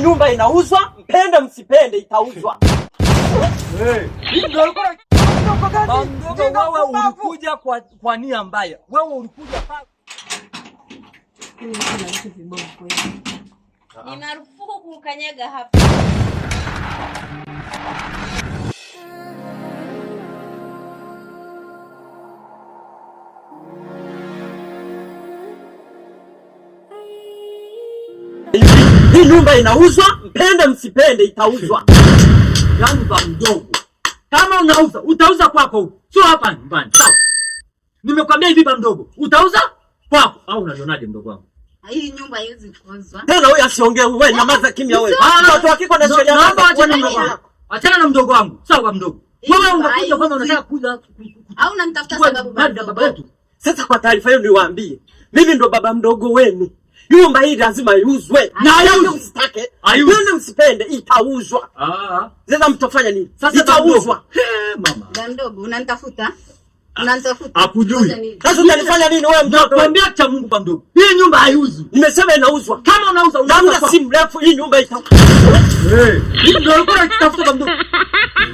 nyumba inauzwa, mpende msipende, itauzwa. Wewe ulikuja kwa, kwa nia mbaya. Wewe ulikuja ni marufuku kukanyaga hapa. nyumba inauzwa, mpende msipende, itauzwa. Zanzibar mdogo, kama unauza utauza kwako huko, sio hapa nyumbani. Sawa, nimekwambia hivi ba mdogo, utauza kwako au unajionaje, mdogo wangu? Ah, hii nyumba haiwezi kuuzwa. Tena wewe asiongee wewe, nyamaza kimya wewe. Ah, watu hakiko na sheria yako. Achana na mdogo wangu. Sawa ba mdogo. Wewe unakuja kama unataka kuja au unanitafuta sababu baba yetu. Sasa kwa taarifa hiyo niwaambie, mimi ndo baba mdogo wenu nyumba hii lazima iuzwe, na msitake na msipende, itauzwa. Ah. Sasa mtofanya nini? Sasa itauzwa. Mama mdogo, unanitafuta ah, Akujui. Sasa utanifanya nini wewe mtoto? Nakwambia cha Mungu baba mdogo. Hii nyumba haiuzwi. Nimesema inauzwa. Kama unauza unauza. Muda si mrefu hii nyumba ita. Eh. Hii ndio ulikuwa unatafuta baba mdogo.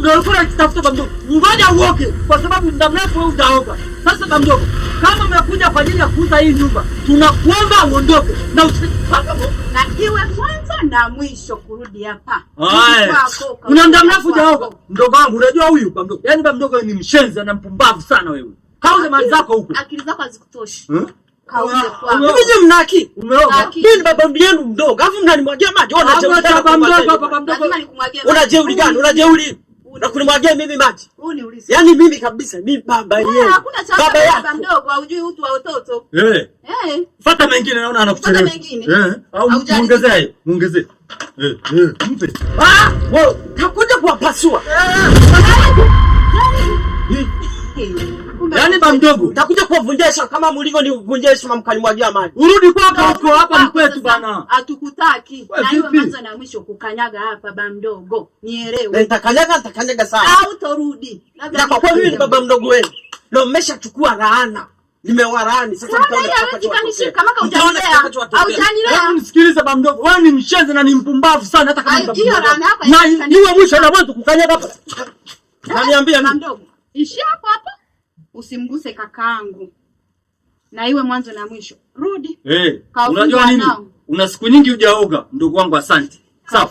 mnafura kitafuta bamdogo. Ngoja uoke kwa sababu muda mrefu wewe utaoga. Sasa bamdogo, kama umekuja kwa ajili ya kuuza hii nyumba, tunakuomba uondoke na na iwe kwanza na mwisho kurudi hapa. Una muda mrefu hujaoga. Mdogo wangu unajua huyu bamdogo. Yaani bamdogo ni mshenzi na mpumbavu sana wewe. Kauze mali zako huko. Akili zako hazikutoshi. Hmm? Mimi mnaki. Umeoga. Mimi ni baba yenu mdogo. Alafu mnanimwagia maji. Unajeuri gani? Unajeuri na kunimwagia mimi maji. Yaani mimi kabisa ni baba yeye. Hakuna cha baba yako mdogo hujui utu wa watoto. Eh. Eh. Fata mengine naona anakuchelea. Fata mengine. Eh. Au muongezee, muongezee. Eh, eh, mpe. Ah, wewe, takuja kuwapasua. Ah. Yaani. Eh. Yaani. Yaani ba mdogo, takuja kuwavunjesha kama mlivyo nivunjesha heshima mwagia maji. Urudi kwa ah, kwa huko hapa ni kwetu bana. Hatukutaki. Na hiyo mwanzo na mwisho kukanyaga hapa ba mdogo. Nielewe. Eh, nitakanyaga nitakanyaga sana. Au torudi. Na kwa kweli ni baba mdogo wenu. Ndio mmeshachukua laana. Nimewarani sasa mtaona kitakachokuwa. Kama kaujanilea. Aujanilea. Msikilize ba mdogo. Wewe ni mshenzi na ni mpumbavu sana hata kama mdogo. Na iwe mwisho na mwanzo kukanyaga hapa. Naniambia mdogo. Ishi hapo hapo usimguse kakaangu na iwe mwanzo na mwisho. Rudi. Hey, eh, unajua nini? Una siku nyingi hujaoga, ndugu wangu. Asante. Sawa.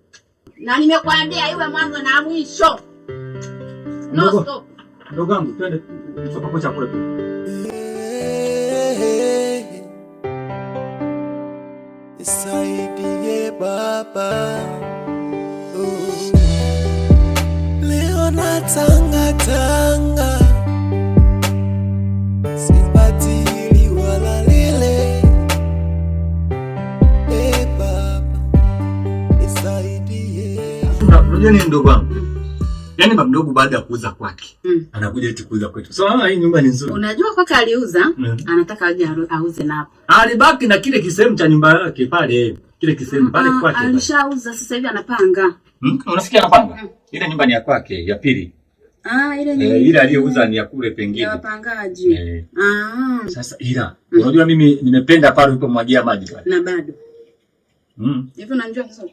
na nimekwambia iwe mwanzo na mwisho. No stop. Ndugu yangu, twende tukapata chakula tu. Nisaidie Baba, leo natanga tanga sipati unajua nini ndugu wangu? Yaani baba mdogo baada ya kuuza kwake mm. anakuja eti kuuza kwetu. So mama, ah, hii nyumba ni nzuri. Unajua kwake aliuza mm. anataka aje auze na napo. Ah, alibaki na kile kisehemu cha nyumba yake pale, eh, kile kisehemu pale mm, kwake. Alishauza sasa hivi anapanga. Mm? Unasikia anapanga? Mm. Ile nyumba ni ya kwake ya pili. Ah, ile ni eh, ile aliyouza ni ya kule pengine. Ya wapangaji. Eh. Ah. Sasa ila mm. unajua mimi nimependa pale ulipomwagia maji pale. Na bado. Mm. Hivi unajua sasa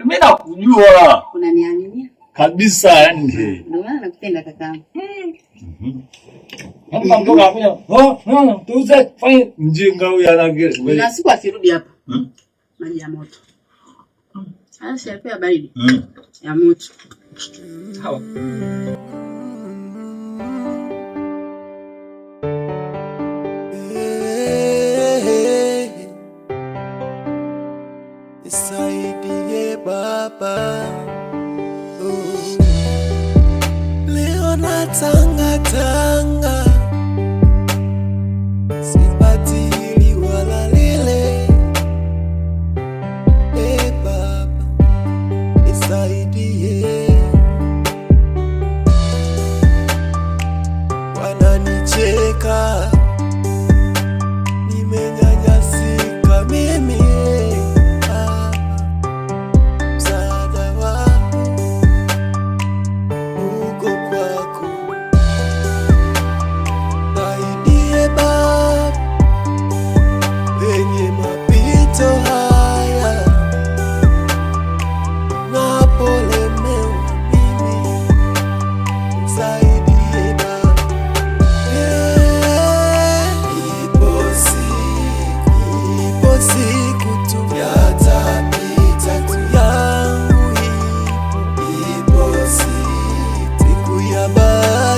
mimi nakujua. Unaniamini? Kabisa yani. Ndio maana nakupenda kakaangu. Mm-hmm. Mm-hmm. Mm. Mjinga huyu anaongea. Na siku akirudi hapa. Hmm? Maji ya moto. Mhm. si ya baridi. Hmm. Ya moto. Sawa.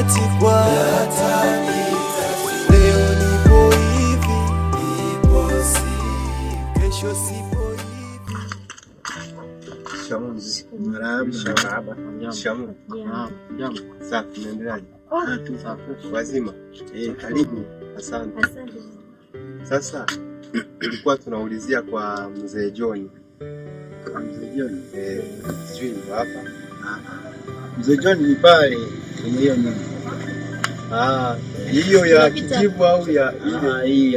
katikwa leo Wazima, eh, karibu. Asante. Sasa tulikuwa tunaulizia kwa mzee John. Ah, mzee John eh, ah, ah. Mzee John ni pale kwenye hiyo nyumba. Ah, hiyo ya kijivu au ya ile ah, hii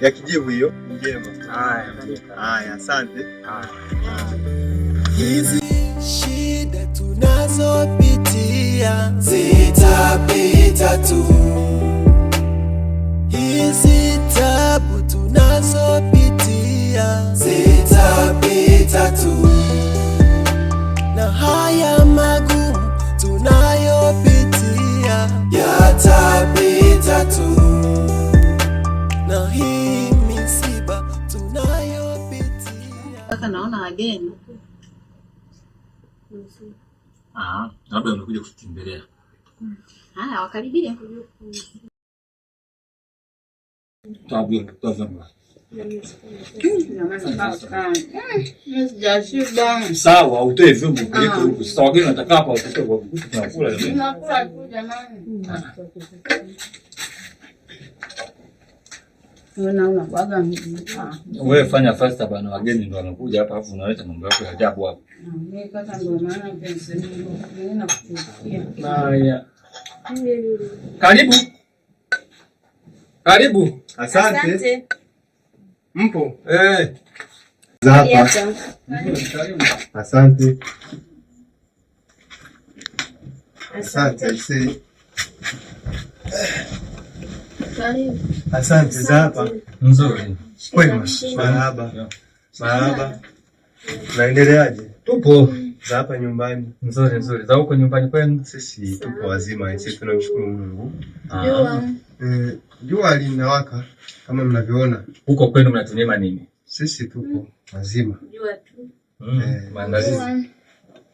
ya kijivu hiyo njema. Haya, haya, asante. Hizi shida tunazopitia zitapita tu, hizi tabu tunazopitia yatapita tu, na hii misiba tunayopitia. Kaka, naona wageni ah. labda wamekuja kututembelea. Haya, wakaribia. Sawa, utoe vyombo kupeleka ah. huko. Sasa wageni watakaa hapa watoto tunakula. jamani. Ah. Wewe fanya fasta bana, wageni ndo wanakuja hapa afu unaleta mambo yako ya ajabu hapo. Ah, Karibu. Karibu. Asante. Asante. Mpo? Eh. Zapa. Asante. Asante aise. Asante Zapa. Mzuri. Kwema. Marahaba. Marahaba. Naendeleaje? Tupo za hapa nyumbani. Nzuri nzuri. Za huko nyumbani kwenu? Sisi tupo wazima, sisi tunamshukuru Mungu. Ah. Jua. Eh, jua linawaka kama mnavyoona. Huko kwenu mnatumia nini? Sisi tupo wazima. Jua tu. Hmm, eh, maandalizi.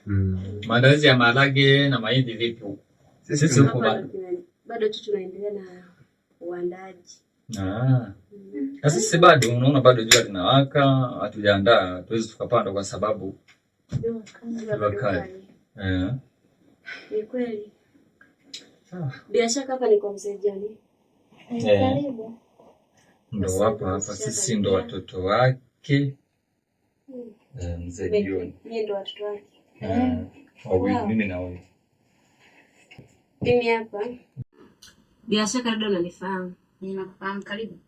Hmm. Maandalizi ya maharage na mahindi vipi sisi Sisi huko bado bado tu tunaendelea na uandaji. Ah. Na hmm. sisi bado unaona bado jua linawaka, hatujaandaa, hatuwezi tukapanda kwa sababu Bakari. Eh. Ah. Bila shaka hapa ni kwa mzee Jani. Eh. Karibu. Ndo hapa hapa sisi ndo watoto wake. Hmm. Eh, mzee Jani. Mimi ndo watoto wake. Eh, mimi na wewe. Mimi hapa. Bila shaka labda unanifahamu. Ninakufahamu, karibu.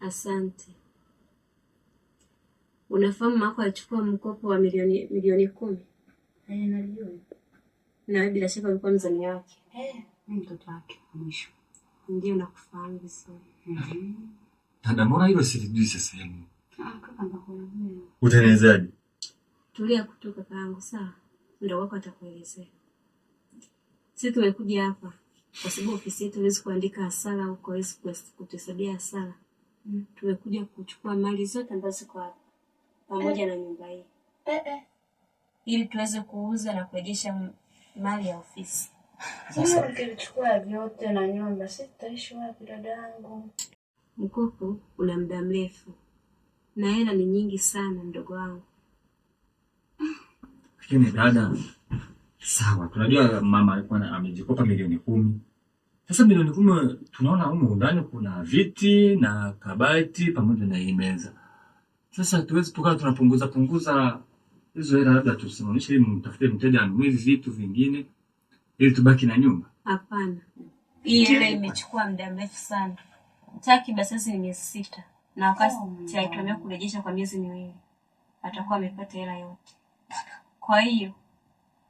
Asante. Unafahamu mako alichukua mkopo wa milioni milioni kumi eh, na bila shaka alikuwa mzani wake. Eh, mtoto wake Mbona hilo silijui sasa. Ah, hivi? Utaelezaje? Tulia kutoka kakaangu, sawa? Ndio wako atakuelezea. Sisi tumekuja hapa kwa sababu ofisi yetu haiwezi kuandika hasara huko, haiwezi kutusaidia hasara. Mm. Tumekuja kuchukua mali zote ambazo ziko hapa pamoja eh. na nyumba hii eh, eh. ili tuweze kuuza na kuegesha mali ya ofisi. Sasa vyote na nyumba, si tutaishi wapi dadangu? Mkopo una muda mrefu na hela ni nyingi sana, mdogo wangu. Lakini dada, sawa, tunajua mama alikuwa amejikopa milioni kumi. Sasa milioni kumi tunaona humo ndani kuna viti na kabati pamoja na hii meza sasa tuwezi tukawa tunapunguza punguza hizo hela, labda tusimamishe ili mtafute mteja anunue vitu vingine ili tubaki na nyumba. Hapana, hii hela imechukua muda mrefu sana, takriban sasa ni miezi sita, na wakati aitamia oh kurejesha kwa miezi miwili atakuwa amepata hela yote. Kwa hiyo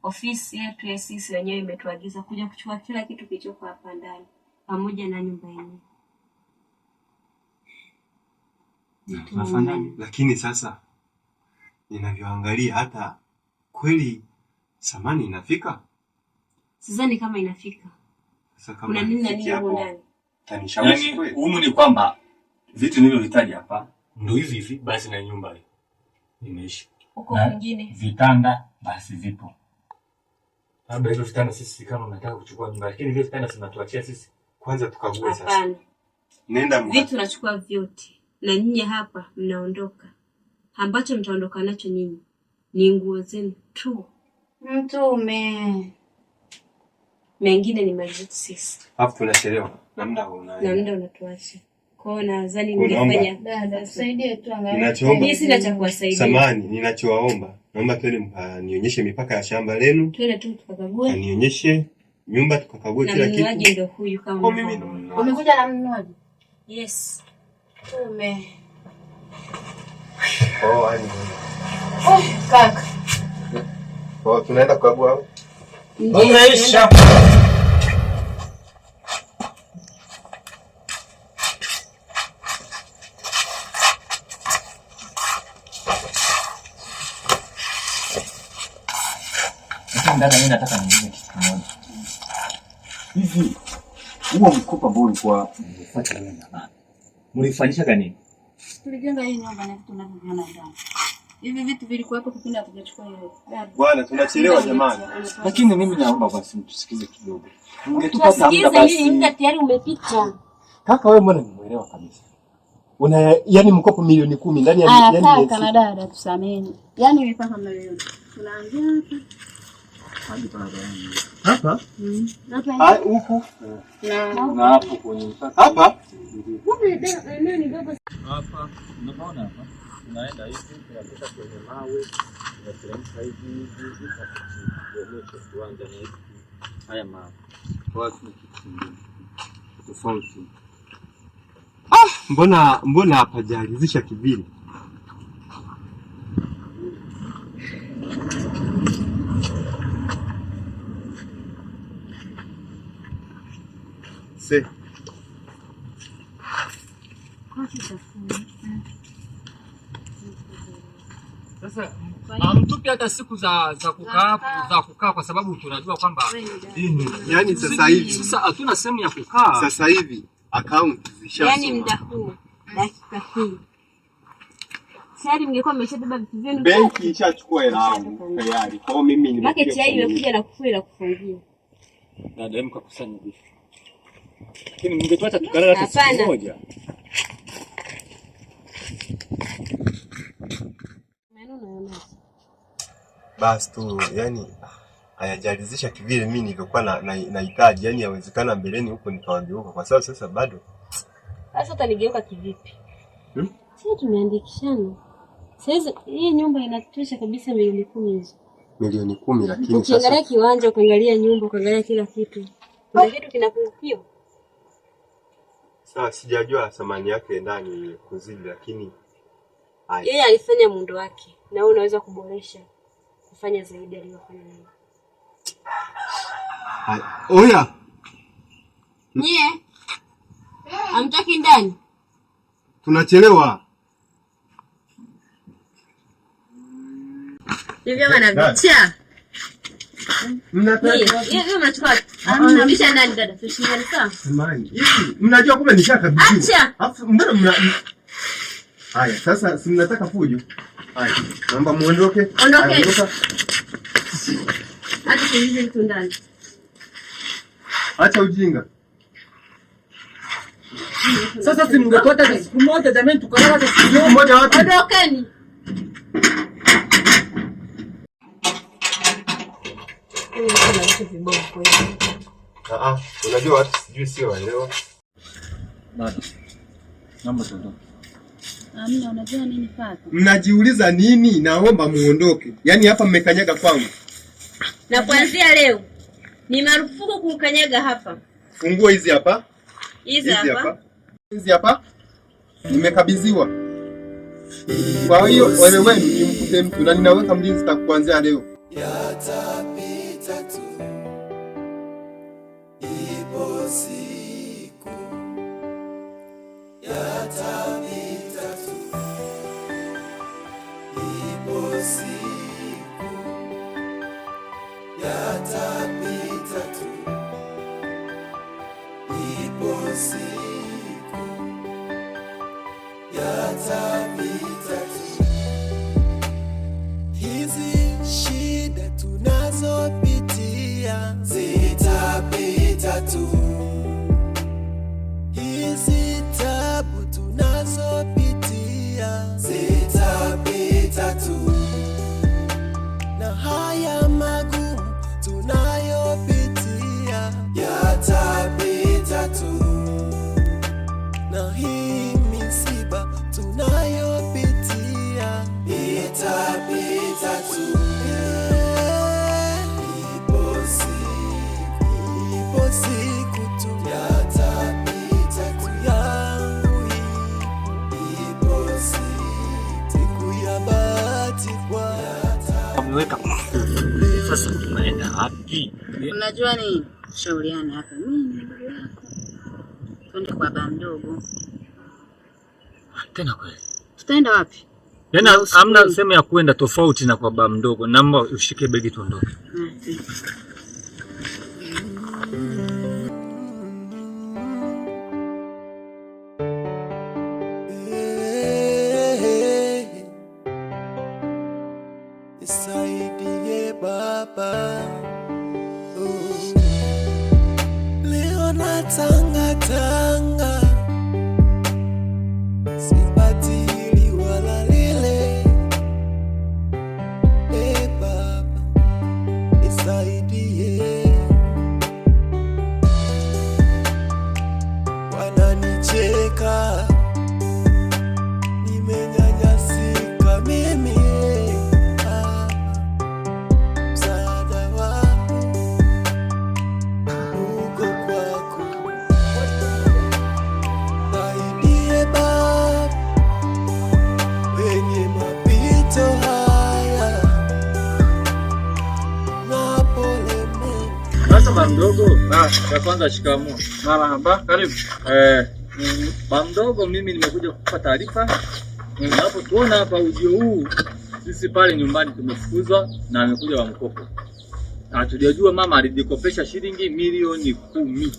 ofisi yetu sisi wenyewe imetuagiza kuja kuchukua kila kitu kilichokuwa hapa ndani pamoja na nyumba yenyewe. nafanya lakini sasa ninavyoangalia hata kweli samani inafika, sidhani kama inafika. Sasa kama tanishawishi yaani, kweli humu ni kwamba vitu nilivyohitaji hapa ndio mm. hivi hivi, basi na nyumba imeishi huko mwingine, vitanda basi vipo, labda hivyo vitanda sisi kama nataka kuchukua nyumba, lakini hivyo vitanda sinatuachia sisi kwanza tukague. Sasa nenda vitu nachukua vyote na nyinyi hapa mnaondoka. Ambacho mtaondoka nacho nyinyi ni nguo zenu tu. Mtume mengine ni mali zetu sisi, alafu tunachelewa na muda unatuacha kwao. Nadhani ningefanya sina cha kuwasaidia. ninachowaomba naomba twende nionyeshe mipaka ya shamba lenu, twende tu tukakague, nyumba tukakague kila kitu. Ndio huyu kama umekuja na mnunuaji? Yes tume oh, oh, kaka oh, tunaenda kukagua umeisha nataka niulize kitu kimoja hivi, huo mkoba ambao ulikuwa umepata wewe na mama mlifanyishaga nini? Tulijenga hii nyumba na vitu tunavyoviona ndani. Hivi vitu vilikuwepo kipindi hatujachukua hiyo gari. Bwana, tunachelewa jamani. Lakini mimi naomba basi mtusikize kidogo. Mngetupata muda basi. Sikiza, hii Muda tayari umepita. Kaka wewe mbona nimuelewa kabisa? Una yani mkopo milioni kumi ndani ya ah, yani. Kaka na dada tusameni. Yani mipaka Tunaanzia hapa hapa mm. huku na hapo kwenye hapa hapa, unaona hapa, unaenda hivi, unapita kwenye mawe, unateremka hivi hivi, unakuonyesha kiwanja na hivi, haya mawe kwa kitu kingine tofauti. Ah, mbona mbona hapa jalizisha kivili C'est. Sasa hamtupi hata siku za za kukaa za kukaa, kwa sababu tunajua kwamba yani sasa hivi sasa hatuna sehemu ya kukaa sasa hivi akaunti zisha, yani muda huu dakika hii tayari mngekuwa mmeshabeba vitu vyenu, benki ishachukua hela yangu tayari. Kwa hiyo mimi nimekuja na kufungia na dem kakusanya vitu lakini mngetuacha tukalala siku moja. Basi tu yani hayajalizisha kivile mimi nilivyokuwa nahitaji na, na yani yawezekana mbeleni huko nikawageuka, kwa sababu sasa bado. Sasa utanigeuka kivipi? hmm? Sasa tumeandikishana sasa, hii nyumba inatosha kabisa milioni kumi hizo milioni kumi, lakini sasa ukiangalia kiwanja, ukiangalia nyumba, ukiangalia kila kitu, kuna ah! kitu kinakupiwa Sawa, sijajua thamani yake ndani kuzidi, lakini yeye alifanya muundo wake, na wewe unaweza kuboresha kufanya zaidi aliyofanya yeye. Oya nyie, hamtoki ndani, tunachelewa. Hivyo wanavicha Mnajua kumbe nishakabidhiwa. Alafu mbona mna Haya, sasa si mnataka fujo? Haya, naomba muondoke. Acha ujinga. Sasa si mngepata siku moja jamani, tukalala hata siku moja Ondokeni. vitu vibovu kweli. Ah ah, unajua watu sijui sio waelewa. Bado. Mambo tuondoke. Amina, unajua nini sasa? Mnajiuliza nini? Naomba muondoke. Yaani hapa mmekanyaga kwangu. Na kuanzia leo ni marufuku kukanyaga hapa. Funguo hizi hapa. Hizi hapa. Hizi hapa. Nimekabidhiwa. Kwa hiyo wewe wewe ni mkute mtu na ninaweka mlinzi kuanzia leo. Unajua ni Shauriana hapa. Mimi ni ndugu yako. Twende kwa baba mdogo. Tena kweli. Tutaenda wapi? Tena hamna sehemu ya kwenda tofauti na kwa baba mdogo. Naomba ushike begi tuondoke. Ya kwanza shikamoo. Marhaba, karibu. Eh, bandogo, mimi nimekuja kukupa taarifa. tuona hapa ujio huu sisi pale nyumbani tumefukuzwa na amekuja wa mkopo. Hatujajua mama alijikopesha shilingi milioni kumi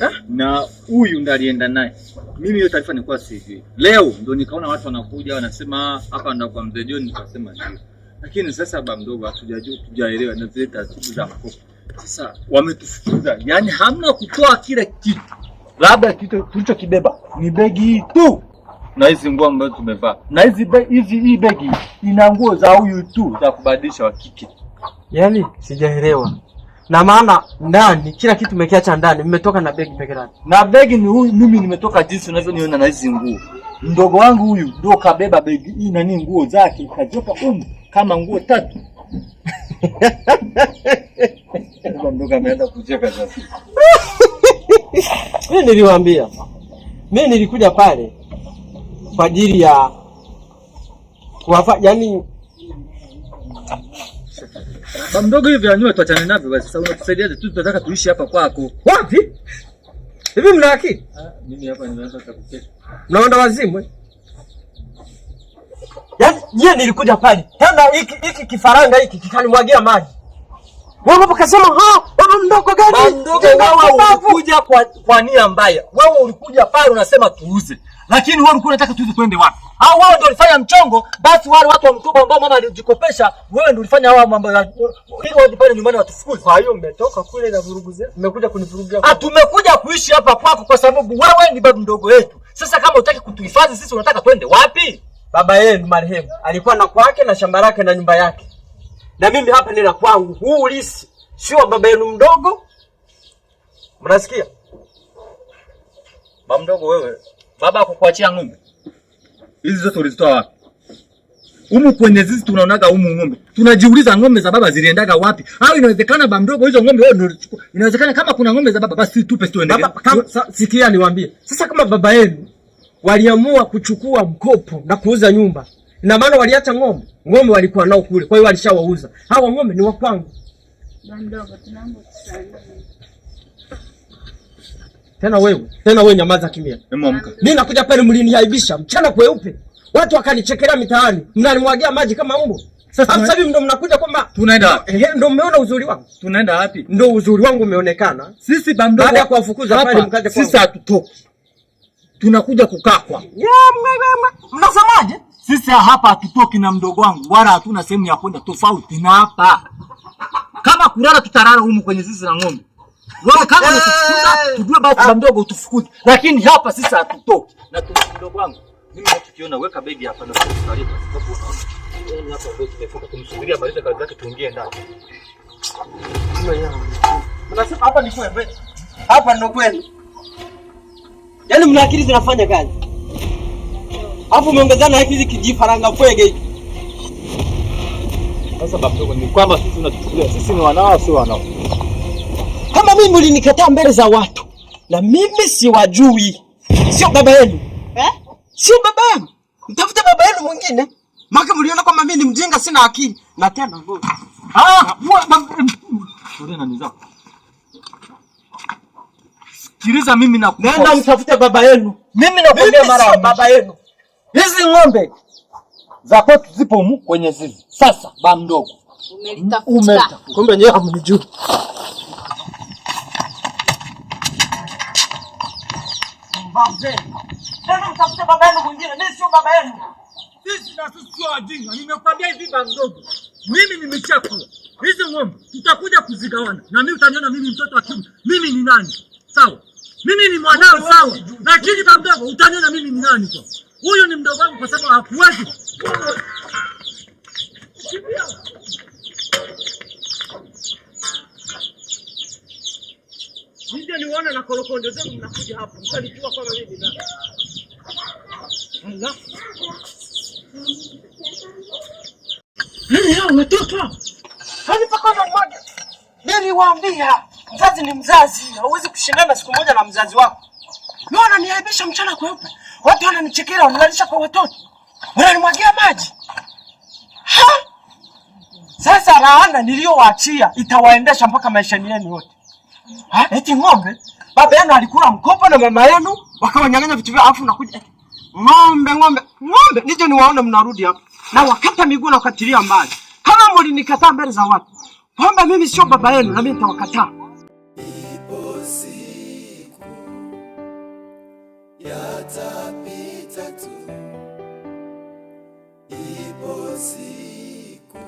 eh? na huyu ndo alienda naye. Mimi hiyo taarifa nilikuwa sijui. Leo ndo nikaona watu wanakuja wanasema hapa ndo kwa mzee John, nikasema ndio. Lakini sasa baba mdogo hatujajua, tujaelewa na zile taratibu za mkopo. Sasa wametufukuza, yaani hamna kutoa kile kitu, labda kitu tulichokibeba ni begi hii tu na hizi nguo ambazo tumevaa na hizi hizi, hii begi ina nguo za huyu tu za kubadilisha wa kike. Yaani sijaelewa na maana ndani kila kitu mekiacha ndani, mmetoka na begi peke yake. Na begi ni huyu, mimi nimetoka jinsi unavyoniona na hizi nguo. Mdogo wangu huyu ndio kabeba begi hii na nini, nguo zake kajopa umu kama nguo tatu mi niliwambia, mi nilikuja pale kwa ajili ya kuwafa, yani mdogo hivi anywe, tuachane navyo basi. Sasa unatusaidiaje tu, tunataka tuishi hapa kwako. Wapi hivi mna akili? Ah, mimi hapa nimeanza kukukesha, mnaonda wazimu. Eh? Yaani yeye nilikuja pale. Tena hiki hiki kifaranga hiki kikanimwagia maji. Wewe ukasema ha, wewe mdogo gani? Mdogo wewe ulikuja kwa kwa nia mbaya. Wewe ulikuja pale unasema tuuze. Lakini wewe ulikuwa unataka tuuze twende wapi? Au wewe ndio ulifanya mchongo, basi wale watu wa mtumba ambao mama alijikopesha, wewe ndio ulifanya hao mambo ya ili waje pale nyumbani watufukuze. Kwa hiyo mmetoka kule na vurugu zetu. Mmekuja kunivurugia. Ah, tumekuja kuishi hapa kwako kwa sababu wewe ni babu mdogo wetu. Sasa kama unataka kutuhifadhi sisi unataka twende wapi? Baba yenu marehemu alikuwa na kwake na shamba lake na nyumba yake, na mimi hapa nina kwangu. Huu ulisi sio wa baba yenu mdogo, mnasikia? Baba mdogo wewe, baba akukuachia ng'ombe hizi zote ulizitoa wapi? Umu kwenye zizi tunaonaga umu ng'ombe. Tunajiuliza ng'ombe za baba ziliendaga wapi? Au inawezekana baba mdogo hizo ng'ombe wewe ndio. Inawezekana kama kuna ng'ombe za baba basi tupe Baba, Sikia niwaambie. Sasa kama baba yenu waliamua kuchukua mkopo na kuuza nyumba. Ina maana waliacha ng'ombe, ng'ombe walikuwa nao kule, kwa hiyo walishawauza hawa ng'ombe. Ni wa kwangu tena. Wewe tena wewe, nyamaza kimya. Mimi nakuja pale, mliniaibisha mchana kweupe, watu wakanichekelea mitaani, mnanimwagia maji kama mbu. Sasa hapo sababu ndo mnakuja kwamba tunaenda wapi? Eh, ndo mmeona uzuri wangu. Tunaenda wapi? Ndo uzuri wangu umeonekana. Sisi bando baada ya kuwafukuza pale mkaje kwa. Sisi hatutoki tunakuja kukakwa. Mnasemaje? Sisi hapa hatutoki na mdogo wangu, wala hatuna sehemu ya kwenda tofauti na hapa. Kama kulala, tutalala humu kwenye zizi la ng'ombe. Wewe kama unatufukuza, tujue basi kuna mdogo utufukuze, lakini hapa sisi hatutoki na mdogo wangu. Mimi tukiona weka begi hapa na tutaleta, sababu unaona yaani hapa begi imefunga, tumsubiria maliza kazi zake tuingie ndani. Mnasema Hapa ni kweli, hapa ndio kweli. Yaani mna akili zinafanya kazi. Alafu umeongezana hizi kijifaranga pwege. Sasa babu, ni kwamba sisi tunachukulia sisi ni wanao sio wanao. Kama mimi ulinikataa mbele za watu na mimi siwajui. Sio baba yenu. Eh? Sio baba yenu. Mtafute baba yenu mwingine. Maka mliona kwamba mimi ni mjinga sina akili na tena. Ah, mwa Sore na nizao. Sikiliza mimi na nenda mtafute baba yenu. Mimi nakwambia mara baba yenu. Hizi ng'ombe za kwetu zipo mu kwenye zizi. Sasa ba mdogo. Umelitafuta. Kumbe nyewe hamnijui. Nenda mtafute baba yenu mwingine. Mimi sio baba yenu. Sisi na sisi sio wajinga. Nimekwambia hivi ba mdogo. Mimi Hizi ng'ombe tutakuja kuzigawana. Na mimi utaniona mimi mtoto wa kiume. Mimi ni nani? Sawa. Mimi ni mwanao sawa, lakini kamdogo utaniona mimi ni nani kwa huyu ni mdogo wangu, kwa sababu hakuwezi ndio niona na korokondo zangu mnakuja hapa mkanijua kama mimi nani. Allah, nani hao? Umetoka hadi pakoa mmoja, niliwaambia Mzazi ni mzazi, hauwezi kushindana siku moja na mzazi wako. Wewe unaniaibisha mchana kweupe, watu wananichekera, wanalisha kwa watoto, wananimwagia maji ha? Sasa laana niliyowaachia itawaendesha mpaka maisha yenu yote. Ha? Eti ng'ombe baba yenu alikula mkopo na mama yenu wakawanyang'anya vitu vyao, afu nakuja ng'ombe ng'ombe ng'ombe, nije niwaone mnarudi hapa na wakata miguu na wakatilia maji, kama mlinikataa mbele za watu kwamba mimi sio baba yenu, na mimi nitawakataa siku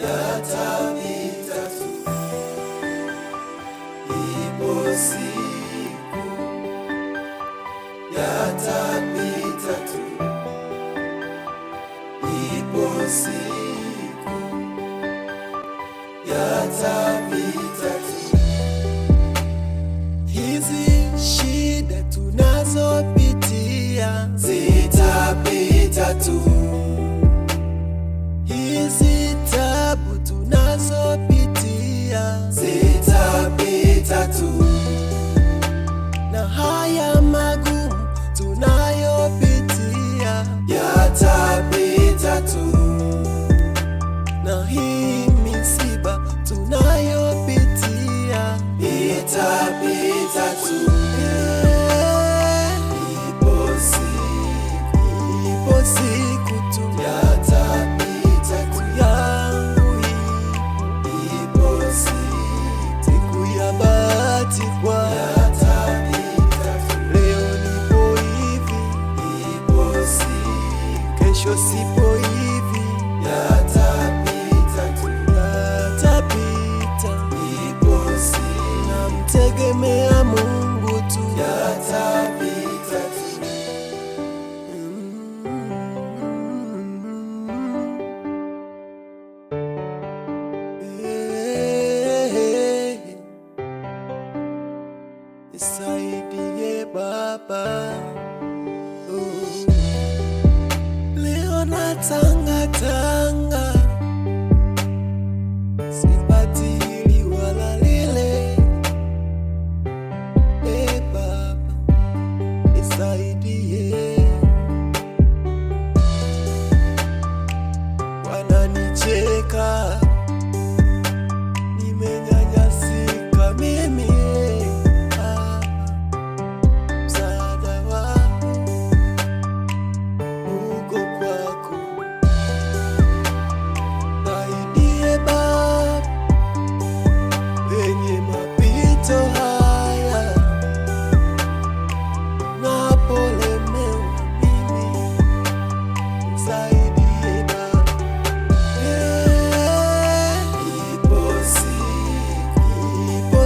yatapita tu, ipo siku yatapita tu, ipo siku yatapita tatu anatangata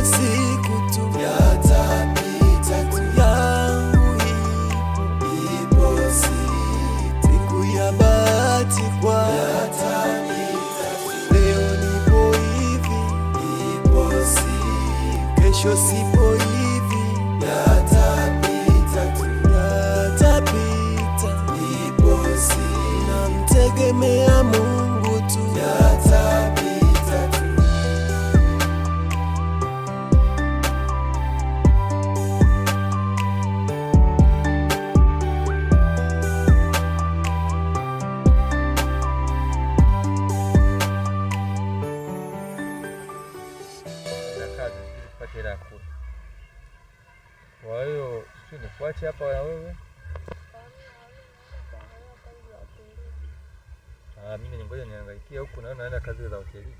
siku tu yatapita tu yangu ipo siku ya bahati kwa leo nipo hivi ipo siku kesho si mimi ningoja niangaikia huku, naona naenda kazi za hoteli.